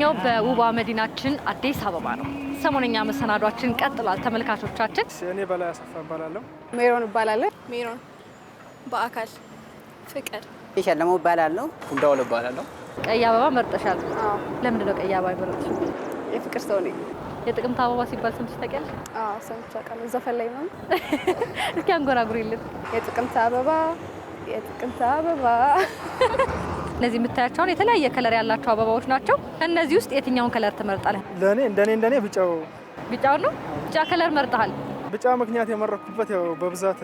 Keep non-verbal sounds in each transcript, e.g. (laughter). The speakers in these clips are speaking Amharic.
የምንገኘው በውቧ መዲናችን አዲስ አበባ ነው። ሰሞነኛ መሰናዷችን ቀጥሏል። ተመልካቾቻችን፣ እኔ በላይ አሰፋ እባላለሁ። ሜሮን እባላለሁ። ሜሮን በአካል ፍቅር ይሸለሙ እባላለሁ። እንዳውል እባላለሁ። ቀይ አበባ መርጠሻል። ለምንድን ነው ቀይ አበባ መረጥሽ? የፍቅር ሰው ነኝ። የጥቅምት አበባ ሲባል ሰምተሽ ታውቂያለሽ? አዎ ሰምቼ አውቃለሁ። ዘፈን ላይ ነው። እስኪ አንጎራጉሪልን። የጥቅምት አበባ የጥቅምት አበባ እነዚህ የምታያቸውን የተለያየ ከለር ያላቸው አበባዎች ናቸው። ከእነዚህ ውስጥ የትኛውን ከለር ትመርጣለህ? ለእኔ እንደኔ እንደኔ ቢጫው ቢጫው ነው። ቢጫ ከለር መርጠሃል? ቢጫ ምክንያት የመረኩበት ያው በብዛት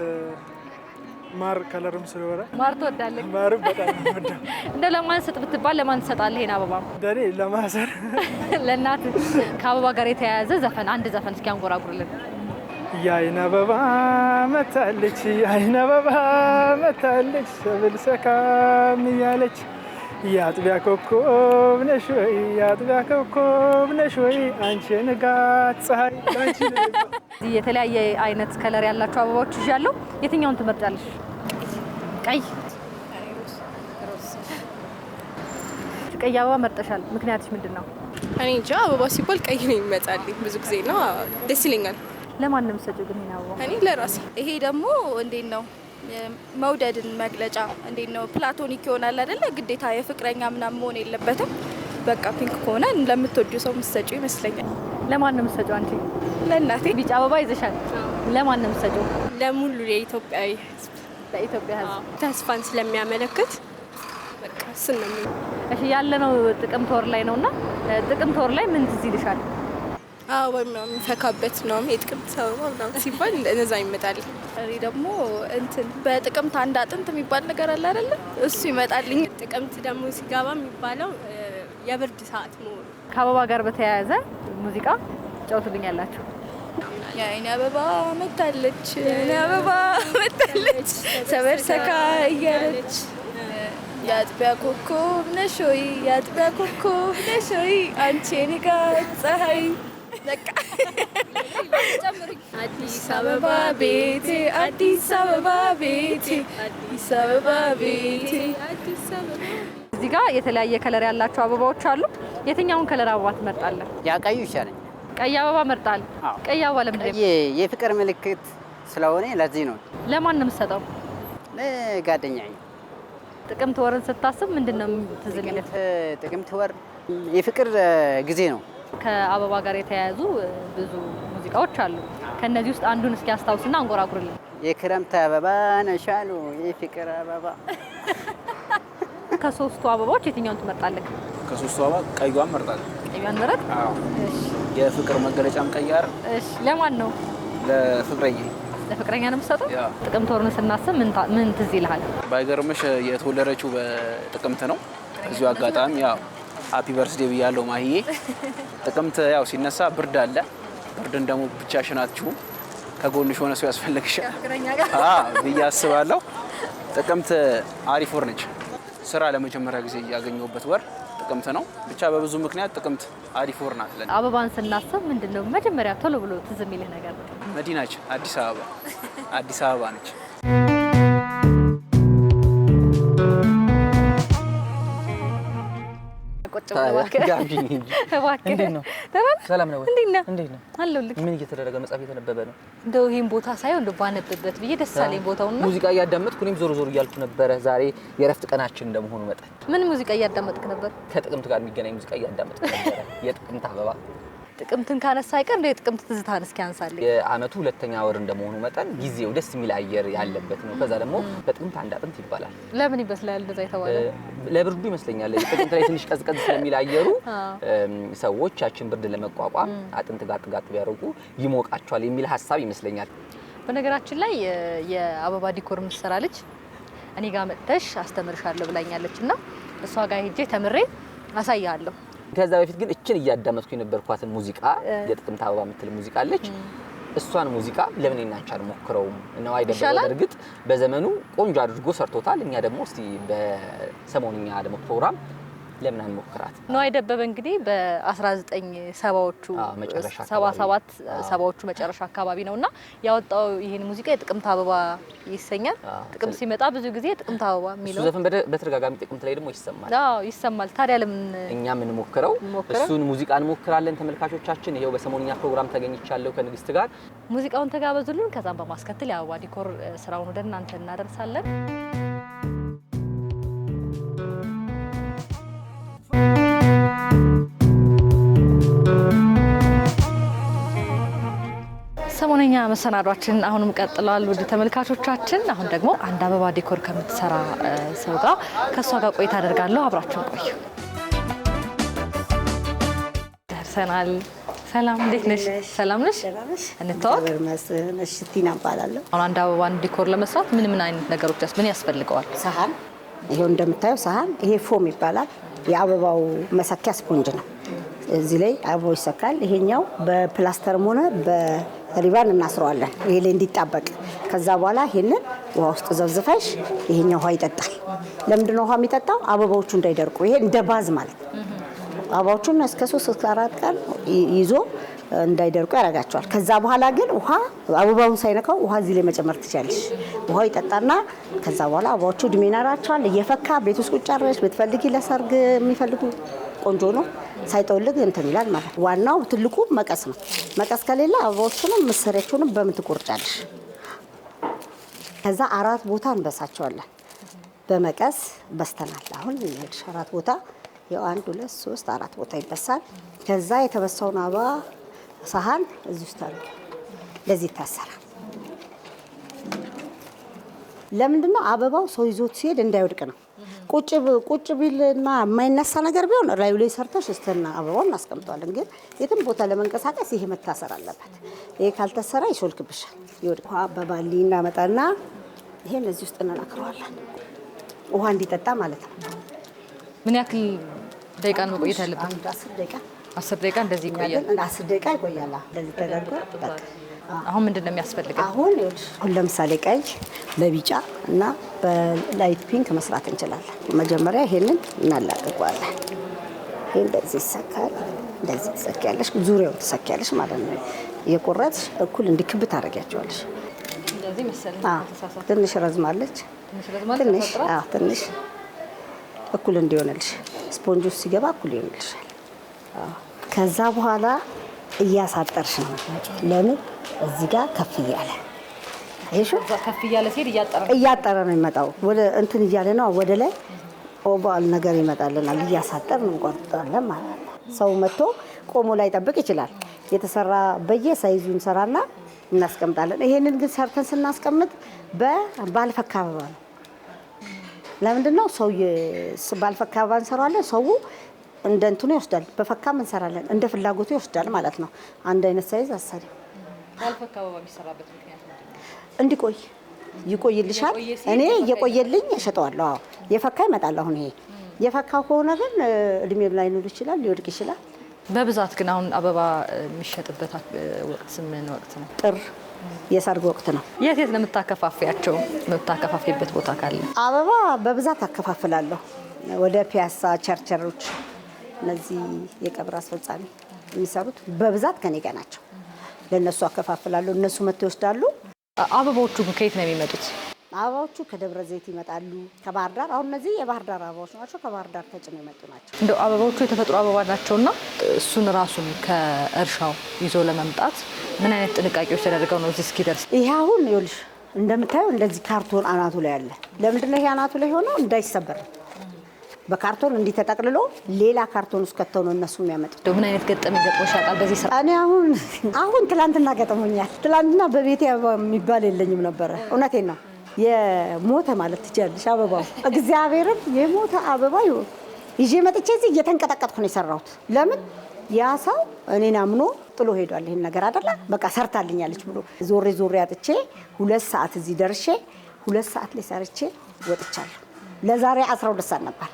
ማር ከለርም ስለሆነ ማር ትወዳለህ? ማር በጣም ወዳለሁ። (laughs) እንደ ለማን ስጥ ብትባል ለማን ትሰጣለህ ይሄን አበባ? ለእኔ ለማዘር፣ (laughs) ለእናት። ከአበባ ጋር የተያያዘ ዘፈን አንድ ዘፈን እስኪ አንጎራጉርልን። የአይን አበባ መታለች፣ የአይን አበባ መታለች፣ ሰብል ሰካም እያለች የአጥቢያ ኮከብ ነሽ ወይ? የአጥቢያ ኮከብ ነሽ ወይ? አንቺ ንጋት ፀሐይ። የተለያየ አይነት ከለር ያላቸው አበባዎች ይዣለሁ። የትኛውን ትመርጫለሽ? ቀይ ቀይ አበባ መርጠሻል። ምክንያትሽ ምንድን ነው? እኔ እንጃ። አበባ ሲባል ቀይ ነው ይመጣልኝ ብዙ ጊዜ እና ደስ ይለኛል። ለማንም ሰጭ ግን አበባ እኔ ለራሴ። ይሄ ደግሞ እንዴት ነው መውደድን መግለጫ እንዴት ነው ፕላቶኒክ ይሆናል አይደለ? ግዴታ የፍቅረኛ ምናምን መሆን የለበትም። በቃ ፒንክ ከሆነ ለምትወዱ ሰው ምሰጩ ይመስለኛል። ለማን ነው ምሰጩ? አንቺ? ለእናቴ ቢጫ አበባ ይዘሻል። ለማን ነው ምሰጩ? ለሙሉ የኢትዮጵያዊ ህዝብ፣ ለኢትዮጵያ ህዝብ ተስፋን ስለሚያመለክት በቃ እሱን ነው። እሺ ያለነው ጥቅምት ወር ላይ ነው እና ጥቅምት ወር ላይ ምን ትዝ ይልሻል? ወይም የምፈካበት ነው የጥቅምት አበባ ምናምን ሲባል እነዛ ይመጣል። እኔ ደግሞ እንትን በጥቅምት አንድ አጥንት የሚባል ነገር አለ አይደለ? እሱ ይመጣልኝ። ጥቅምት ደግሞ ሲገባ የሚባለው የብርድ ሰዓት መሆኑ ከአበባ ጋር በተያያዘ ሙዚቃ ጫውቱልኝ ያላችሁ የአይኔ አበባ መታለች፣ የአይኔ አበባ መታለች፣ ሰበር ሰካ እያለች የአጥቢያ ኮከብ ነሽ ሆይ፣ የአጥቢያ ኮከብ ነሽ ሆይ፣ አንቺ እኔ ፀሐይ አዲስ አበባ ቤቴ አዲስ አበባ ቤቴ አዲስ አበባ ቤቴ እዚህ ጋር የተለያየ ከለር ያላቸው አበባዎች አሉ። የትኛውን ከለር አበባ ትመርጣለህ? ያ ቀዩ ይሻለኝ። ቀይ አበባ እመርጣለሁ። ቀይ አበባ ለምንድን የፍቅር ምልክት ስለሆነ ለዚህ ነው። ለማን ነው የምትሰጠው? ለጓደኛዬ። ጥቅምት ወርን ስታስብ ምንድን ነው ትዝ ጥቅምት ወር የፍቅር ጊዜ ነው። ከአበባ ጋር የተያያዙ ብዙ ሙዚቃዎች አሉ። ከእነዚህ ውስጥ አንዱን እስኪ አስታውስና አንጎራጉርልን። የክረምት አበባ ነሻሉ የፍቅር አበባ። ከሶስቱ አበባዎች የትኛውን ትመርጣለህ? ከሶስቱ አበባ ቀዩን እመርጣለሁ። ቀዩን መረጥ። የፍቅር መገለጫም ቀያር። እሺ፣ ለማን ነው? ለፍቅረኛ ለፍቅረኛ ነው የምትሰጠው? ጥቅምት ወርን ስናስብ ምን ትዝ ይልሃል? ባይገርምሽ የተወለደችው በጥቅምት ነው። እዚሁ አጋጣሚ ያው ሀፒ በርስዴ ብያለው ማህዬ። ጥቅምት ያው ሲነሳ ብርድ አለ። ብርድን ደግሞ ብቻሽን ሽናችሁ ከጎንሽ ሆነ ሰው ያስፈልግሻል ብዬ አስባለሁ። ጥቅምት አሪፍ ወር ነች። ስራ ለመጀመሪያ ጊዜ ያገኘሁበት ወር ጥቅምት ነው። ብቻ በብዙ ምክንያት ጥቅምት አሪፍ ወር ናት። አበባን ስናስብ ምንድን ነው መጀመሪያ ቶሎ ብሎ ትዝ የሚልህ ነገር? መዲናችን አዲስ አበባ አዲስ አበባ ነች። አታቃጥም። ምን እየተደረገ መጽሐፍ እየተነበበ ነው። እንደው ይሄን ቦታ ሳይሆን እንደው ባነብበት ብዬ ደስ አለኝ። ቦታውን ሙዚቃ እያዳመጥኩ እኔም ዞር ዞር እያልኩ ነበረ። ዛሬ የእረፍት ቀናችን እንደመሆኑ መጠን ምን ሙዚቃ እያዳመጥክ ነበር? ከጥቅምት ጋር የሚገናኝ ሙዚቃ እያዳመጥክ ነበረ። የጥቅምት አበባ ጥቅምትን ካነሳ አይቀር እንደ የጥቅምት ትዝታን እስኪ አንሳልኝ። የአመቱ ሁለተኛ ወር እንደመሆኑ መጠን ጊዜው ደስ የሚል አየር ያለበት ነው። ከዛ ደግሞ በጥቅምት አንድ አጥንት ይባላል። ለምን ይመስላል እንደዛ የተባለ? ለብርዱ ይመስለኛል። ጥቅምት ላይ ትንሽ ቀዝቀዝ ስለሚል አየሩ ሰዎች ያችን ብርድ ለመቋቋም አጥንት ጋጥ ጋጥ ቢያደርጉ ይሞቃቸዋል የሚል ሀሳብ ይመስለኛል። በነገራችን ላይ የአበባ ዲኮር ምሰራ ልጅ እኔ ጋር መጥተሽ አስተምርሻለሁ ብላኛለች እና እሷ ጋር ሄጄ ተምሬ አሳያለሁ። ከዛ በፊት ግን እችን እያዳመጥኩኝ የነበርኳትን ሙዚቃ የጥቅምት አበባ የምትል ሙዚቃ አለች። እሷን ሙዚቃ ለምን እናንቺ አልሞክረውም? ነዋይ ደበበ እርግጥ በዘመኑ ቆንጆ አድርጎ ሰርቶታል። እኛ ደግሞ እስቲ በሰሞንኛ ደግሞ ፕሮግራም ለምን አንሞክራት? ነዋይ ደበበ እንግዲህ በ1970ዎቹ ሰባዎቹ መጨረሻ አካባቢ ነውና ያወጣው ይህን ሙዚቃ የጥቅምት አበባ ይሰኛል። ጥቅም ሲመጣ ብዙ ጊዜ ጥቅምት አበባ የሚለው ዘፈን በተደጋጋሚ ጥቅምት ላይ ደግሞ ይሰማል። አዎ ይሰማል። ታዲያ ለምን ምን ሞክረው እሱን ሙዚቃ እንሞክራለን። ተመልካቾቻችን ይሄው በሰሞንኛ ፕሮግራም ተገኝቻለሁ ከንግስት ጋር ሙዚቃውን ተጋበዙልን። ከዛም በማስከተል የአበባ ዲኮር ስራውን ወደ እናንተ እናደርሳለን። መዝናኛ መሰናዷችን አሁንም ቀጥሏል። ውድ ተመልካቾቻችን፣ አሁን ደግሞ አንድ አበባ ዲኮር ከምትሰራ ሰው ጋር ከእሷ ጋር ቆይታ አደርጋለሁ። አብራችሁን ቆዩ። ደርሰናል። ሰላም እንዴት ነሽ? ሰላም ነሽ? እንታወቅ። ቲና እባላለሁ። አሁን አንድ አበባን ዲኮር ለመስራት ምን ምን አይነት ነገሮች ምን ያስፈልገዋል? ሰሀን፣ ይሄው እንደምታየው ሰሀን፣ ይሄ ፎም ይባላል። የአበባው መሰኪያ ስፖንጅ ነው። እዚህ ላይ አበባው ይሰካል። ይሄኛው በፕላስተርም ሆነ ሪባን እናስረዋለን ይሄ ላይ እንዲጣበቅ። ከዛ በኋላ ይሄንን ውሃ ውስጥ ዘብዝፈሽ ይሄኛው ውሃ ይጠጣል። ለምንድነው ውሃ የሚጠጣው? አበባዎቹ እንዳይደርቁ። ይሄ እንደ ባዝ ማለት አበባዎቹን እስከ ሶስት እስከ አራት ቀን ይዞ እንዳይደርቁ ያደርጋቸዋል። ከዛ በኋላ ግን ውሃ አበባውን ሳይነካው ውሃ እዚህ ላይ መጨመር ትችላለሽ። ውሃው ይጠጣና ከዛ በኋላ አበባዎቹ እድሜ ይኖራቸዋል። እየፈካ ቤት ውስጥ ቁጭ አድርገሽ ብትፈልጊ ለሰርግ የሚፈልጉ ቆንጆ ነው፣ ሳይጠወልግ እንትን ይላል ማለት ነው። ዋናው ትልቁ መቀስ ነው። መቀስ ከሌለ አበባዎቹንም ምስሬዎቹንም በምን ትቆርጫለሽ? ከዛ አራት ቦታ እንበሳቸዋለን በመቀስ በስተናል። አሁን አራት ቦታ ያው አንድ ሁለት ሶስት አራት ቦታ ይበሳል። ከዛ የተበሳውን አበባ ሳህን እዚህ ውስጥ አለ ለዚህ ይታሰራል። ለምንድነው? አበባው ሰው ይዞት ሲሄድ እንዳይወድቅ ነው። ቁጭ ቁጭ ቢልና የማይነሳ ነገር ቢሆን ላዩ ላይ ሰርተሽ እስትና አበባውን እናስቀምጠዋለን። ግን የትም ቦታ ለመንቀሳቀስ ይሄ መታሰር አለበት። ይሄ ካልተሰራ ይሾልክብሻል፣ ይወድቅ። በባሊ እናመጣና ይሄን እዚህ ውስጥ እንነክረዋለን፣ ውሃ እንዲጠጣ ማለት ነው። ምን ያክል ደቂቃ ነው መቆየት ያለበት? አስር ደቂቃ እንደዚህ ይቆያል። አስር ደቂቃ ይቆያል። እንደዚህ ተደርጎ አሁን ምንድን ነው የሚያስፈልገው? አሁን አሁን ለምሳሌ ቀይ በቢጫ እና በላይት ፒንክ መስራት እንችላለን። መጀመሪያ ይሄንን እናላቅቀዋለን። ይሄ እንደዚህ ይሰካል። እንደዚህ ትሰኪያለሽ፣ ዙሪያው ትሰኪያለሽ ማለት ነው። የቆረጥ እኩል እንዲክብ ታደርጊያቸዋለሽ። ትንሽ ረዝማለች፣ ትንሽ ትንሽ እኩል እንዲሆንልሽ፣ ውስጥ ሲገባ እኩል ይሆንልሻል። ከዛ በኋላ እያሳጠርሽ ነው። ለምን እዚህ ጋር ከፍ እያለ ከፍ እያለ ሲሄድ እያጠረ ነው የሚመጣው። ወደ እንትን እያለ ነው ወደ ላይ ኦባል ነገር ይመጣልናል። እያሳጠር እንቆርጣለን ማለት ነው። ሰው መጥቶ ቆሞ ላይ ጠብቅ ይችላል። የተሰራ በየ ሳይዙ እንሰራና እናስቀምጣለን። ይሄንን ግን ሰርተን ስናስቀምጥ በባልፈካ አበባ ነው። ለምንድን ነው ሰው ባልፈካ አበባ እንሰራለን ሰው እንደ እንትኑ ይወስዳል። በፈካም እንሰራለን። እንደ ፍላጎቱ ይወስዳል ማለት ነው። አንድ አይነት ሳይዝ አሰሪ እንዲቆይ ይቆይልሻል። እኔ እየቆየልኝ እሸጠዋለሁ። አዎ የፈካ ይመጣል። አሁን ይሄ የፈካ ከሆነ ግን እድሜም ላይኖር ይችላል፣ ሊወድቅ ይችላል። በብዛት ግን አሁን አበባ የሚሸጥበት ወቅት ምን ወቅት ነው? ጥር የሰርግ ወቅት ነው። የት የት ነው የምታከፋፊያቸው? ቦታ ካለ አበባ በብዛት አከፋፍላለሁ። ወደ ፒያሳ ቸርቸሮች እነዚህ የቀብር አስፈጻሚ የሚሰሩት በብዛት ከኔ ጋር ናቸው። ለእነሱ አከፋፍላሉ፣ እነሱ መጥተው ይወስዳሉ። አበባዎቹ ከየት ነው የሚመጡት? አበባዎቹ ከደብረ ዘይት ይመጣሉ፣ ከባህር ዳር። አሁን እነዚህ የባህር ዳር አበባዎች ናቸው፣ ከባህር ዳር ተጭነው የመጡ ናቸው። እንደው አበባዎቹ የተፈጥሮ አበባ ናቸው እና እሱን ራሱን ከእርሻው ይዞ ለመምጣት ምን አይነት ጥንቃቄዎች ተደርገው ነው እዚህ እስኪደርስ? ይሄ አሁን ይኸውልሽ እንደምታየው እንደዚህ ካርቶን አናቱ ላይ አለ። ለምንድን ይሄ አናቱ ላይ ሆነው እንዳይሰበር በካርቶን እንዲህ ተጠቅልሎ ሌላ ካርቶን ውስጥ ከተው ነው እነሱ የሚያመጡት። ምን አይነት ገጠመኝ ገጥሞሽ ያውቃል? በዚህ ስራ እኔ አሁን አሁን ትላንትና ገጥሞኛል። ትላንትና በቤቴ አበባ የሚባል የለኝም ነበረ። እውነቴን ነው። የሞተ ማለት ትችያለሽ አበባው እግዚአብሔርን የሞተ አበባ ይዤ መጥቼ እዚህ እየተንቀጠቀጥኩ ነው የሰራሁት። ለምን ያ ሰው እኔን አምኖ ጥሎ ሄዷል። ይህን ነገር አደለ በቃ ሰርታልኛለች ብሎ ዞሬ ዞሬ አጥቼ ሁለት ሰዓት እዚህ ደርሼ ሁለት ሰዓት ላይ ሰርቼ ወጥቻለሁ። ለዛሬ 12 ሰዓት ነበር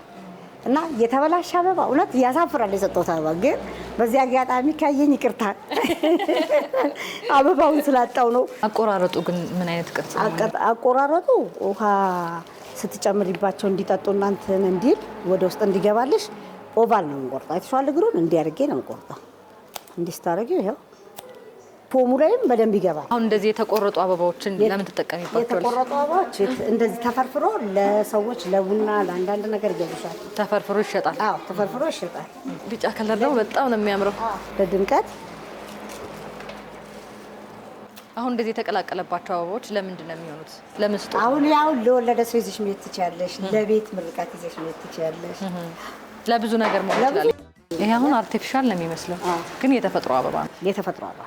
እና የተበላሸ አበባ እውነት ያሳፍራል። የሰጠሁት አበባ ግን በዚህ አጋጣሚ ካየኝ ይቅርታል፣ (laughs) አበባውን ስላጣው ነው። አቆራረጡ ግን ምን አይነት ቅርጽ? አቆራረጡ ውሃ ስትጨምሪባቸው እንዲጠጡ እናንትን እንዲል ወደ ውስጥ እንዲገባልሽ ኦቫል ነው የምንቆርጠው። አይተሽዋል? እግሩን እንዲያደርጌ ነው የምንቆርጠው። እንዲህ ስታደርጊው ይኸው ፖሙ ላይም በደንብ ይገባል። አሁን እንደዚህ የተቆረጡ አበባዎችን ለምን ትጠቀሚባቸዋለሽ? የተቆረጡ አበባዎች እንደዚህ ተፈርፍሮ ለሰዎች ለቡና፣ ለአንዳንድ ነገር ይገቡሻል። ተፈርፍሮ ይሸጣል። አዎ ተፈርፍሮ ይሸጣል። ቢጫ ከለር ነው፣ በጣም ነው የሚያምረው በድምቀት አሁን እንደዚህ የተቀላቀለባቸው አበባዎች ለምንድን ነው የሚሆኑት? ለምን ስጦታ? አሁን ያው ለወለደ ሰው ይዘሽ መሄድ ትችያለሽ። ለቤት ምርቃት ይዘሽ መሄድ ትችያለሽ። ለብዙ ነገር መሆን ይችላል። ይሄ አሁን አርቲፊሻል ነው የሚመስለው፣ ግን የተፈጥሮ አበባ ነው። የተፈጥሮ አበባ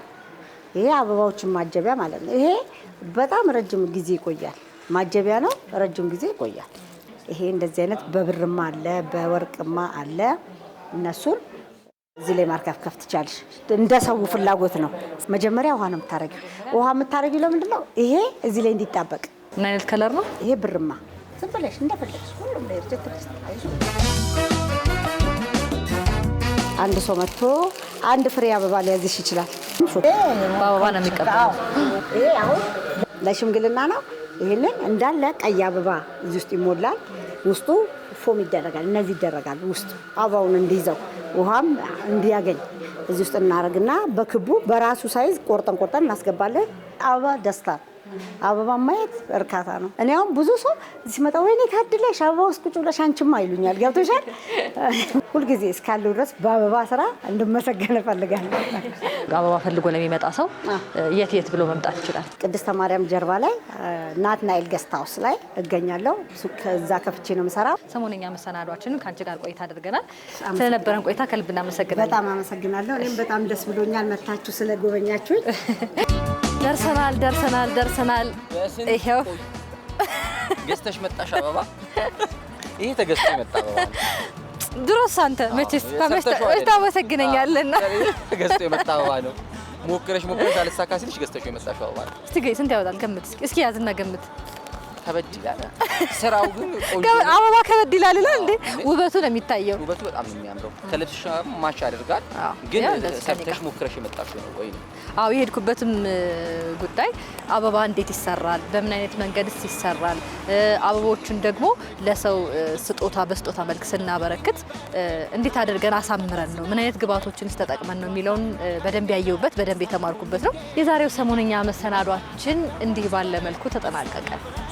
ይሄ አበባዎችን ማጀቢያ ማለት ነው። ይሄ በጣም ረጅም ጊዜ ይቆያል። ማጀቢያ ነው፣ ረጅም ጊዜ ይቆያል። ይሄ እንደዚህ አይነት በብርማ አለ፣ በወርቅማ አለ። እነሱን እዚህ ላይ ከፍት ትቻለሽ። እንደ ሰው ፍላጎት ነው። መጀመሪያ ውሃ ነው የምታረጊው። ውሃ የምታረጊው ለምንድን ነው? ይሄ እዚህ ላይ እንዲጣበቅ። ምን አይነት ከለር ነው ይሄ? ብርማ ዝም ብለሽ እንደፈለግሽ ሁሉም ላይ አንድ ሰው መጥቶ አንድ ፍሬ አበባ ሊያዝሽ ይችላል። በአበባ ነው የሚቀባው። ለሽምግልና ነው። ይህንን እንዳለ ቀይ አበባ እዚህ ውስጥ ይሞላል። ውስጡ ፎም ይደረጋል። እነዚህ ይደረጋል ውስጡ አበባውን እንዲይዘው ውሃም እንዲያገኝ እዚህ ውስጥ እናደርግና በክቡ በራሱ ሳይዝ ቆርጠን ቆርጠን እናስገባለን። አበባ ደስታ አበባ ማየት እርካታ ነው። እኔ አሁን ብዙ ሰው ሲመጣ ወይኔ ታድለሽ አበባ ውስጥ ቁጭ ብለሽ አንቺማ ይሉኛል። ገብቶሻል። (laughs) ሁልጊዜ እስካለው ድረስ በአበባ ስራ እንድመሰገን እፈልጋለሁ። አበባ ፈልጎ የሚመጣ ሰው የት የት ብሎ መምጣት ይችላል? ቅድስተ ማርያም ጀርባ ላይ ናትናኤል ገስታውስ ላይ እገኛለሁ። እዛ ከፍቼ ነው የምሰራው። ሰሞነኛ መሰናዷችንን ከአንቺ ጋር ቆይታ አድርገናል። ስለነበረን ቆይታ ከልብ እናመሰግናለን። በጣም አመሰግናለሁ። እኔም በጣም ደስ ብሎኛል መታችሁ ስለጎበኛችሁኝ። (laughs) ደርሰናል ደርሰናል ደርሰናል። ይሄው ገዝተሽ መጣሽ አበባ። ይሄ ተገዝቶ የመጣ አበባ ድሮስ አንተ መቼስ ታመሰግነኛለህና ተገዝቶ የመጣ አበባ ነው። ሞክረሽ ሞክረሽ አልሳካ ሲልሽ ገዝተሽው የመጣሽው አበባ ነው። እስቲ ስንት ያወጣል? ገምት እስኪ ያዝና ገምት ከበድ ይላል። ስራው ግን አበባ ከበድ ይላል ይላል እንዴ! ውበቱ ነው የሚታየው። ውበቱ በጣም ነው የሚያምረው። ከልብስሽ ማች ያደርጋል። ግን ሰርተሽ ሞክረሽ የመጣሽው ነው ወይ? አዎ የሄድኩበትም ጉዳይ አበባ እንዴት ይሰራል፣ በምን አይነት መንገድስ ይሰራል፣ አበቦቹን ደግሞ ለሰው ስጦታ በስጦታ መልክ ስናበረክት እንዴት አድርገን አሳምረን ነው ምን አይነት ግብዓቶችንስ ተጠቅመን ነው የሚለውን በደንብ ያየሁበት በደንብ የተማርኩበት ነው። የዛሬው ሰሞነኛ መሰናዷችን እንዲህ ባለ መልኩ ተጠናቀቀ።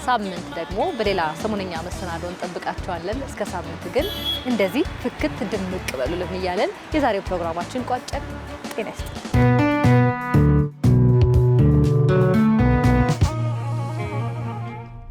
ሳምንት ደግሞ በሌላ ሰሞነኛ መሰናዶ እንጠብቃቸዋለን። እስከ ሳምንት ግን እንደዚህ ፍክት ድምቅ በሉልን እያለን የዛሬው ፕሮግራማችን ቋጨን። ጤና ይስጥ